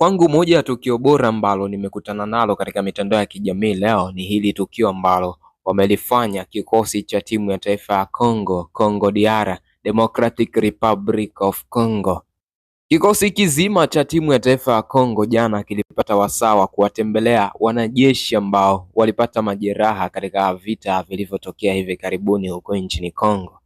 Kwangu moja ya tukio bora ambalo nimekutana nalo katika mitandao ya kijamii leo ni hili tukio ambalo wamelifanya kikosi cha timu ya taifa ya Congo, Congo DR, Democratic Republic of Congo. Kikosi kizima cha timu ya taifa ya Congo jana kilipata wasaa wa kuwatembelea wanajeshi ambao walipata majeraha katika vita vilivyotokea hivi karibuni huko nchini Congo.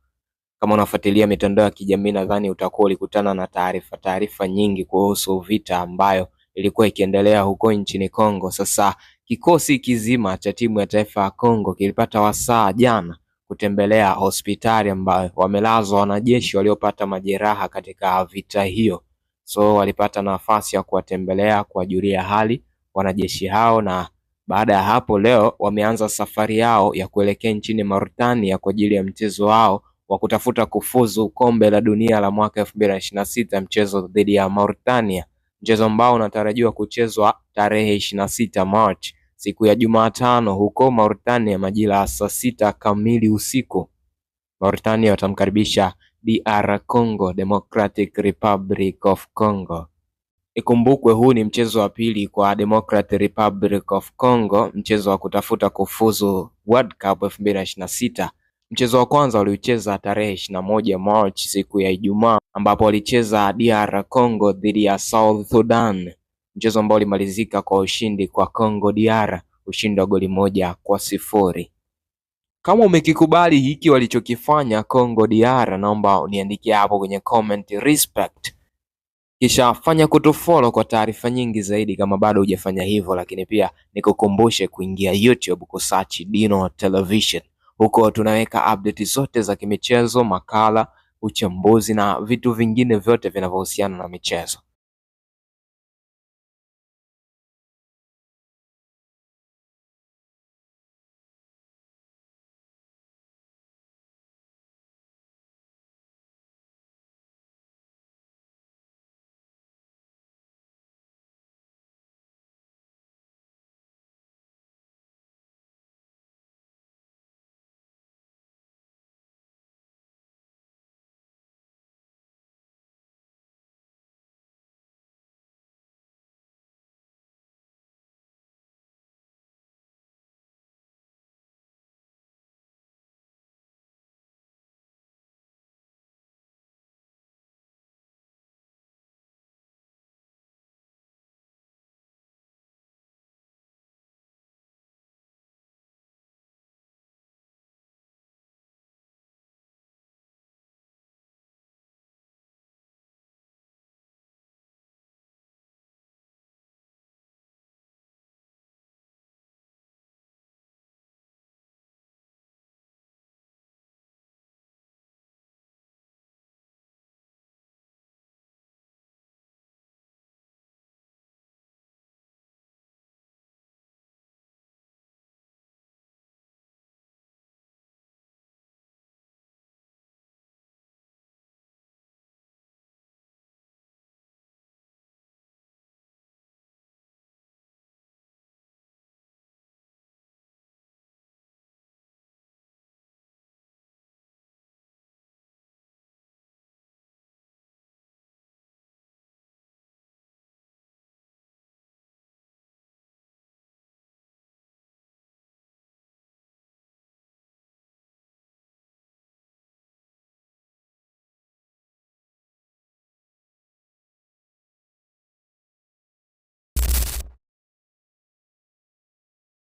Kama unafuatilia mitandao ya kijamii, nadhani utakuwa ulikutana na taarifa taarifa nyingi kuhusu vita ambayo ilikuwa ikiendelea huko nchini Kongo. Sasa kikosi kizima cha timu ya taifa ya Kongo kilipata wasaa jana kutembelea hospitali ambayo wamelazwa wanajeshi waliopata majeraha katika vita hiyo. So walipata nafasi ya kuwatembelea, kuwajulia hali wanajeshi hao, na baada ya hapo leo wameanza safari yao ya kuelekea nchini Mauritania kwa ajili ya mchezo wao wa kutafuta kufuzu kombe la dunia la mwaka elfu mbili na ishirini na sita mchezo dhidi ya Mauritania, mchezo ambao unatarajiwa kuchezwa tarehe ishirini na sita March siku ya Jumatano huko Mauritania majira ya saa sita kamili usiku. Mauritania watamkaribisha DR Congo, Democratic Republic of Congo. Ikumbukwe huu ni mchezo wa pili kwa Democratic Republic of Congo, mchezo wa kutafuta kufuzu World Cup elfu mbili na na sita Mchezo wa kwanza waliucheza tarehe ishirini na moja Machi siku ya Ijumaa, ambapo walicheza DR Congo dhidi ya South Sudan, mchezo ambao ulimalizika kwa ushindi kwa Congo DR, ushindi wa goli moja kwa sifuri. Kama umekikubali hiki walichokifanya Congo DR, naomba uniandikie hapo kwenye comment respect, kisha fanya kutufollow kwa taarifa nyingi zaidi kama bado hujafanya hivyo, lakini pia nikukumbushe kuingia YouTube kusearch Dino Television. Huko tunaweka update zote za kimichezo, makala, uchambuzi na vitu vingine vyote vinavyohusiana na michezo.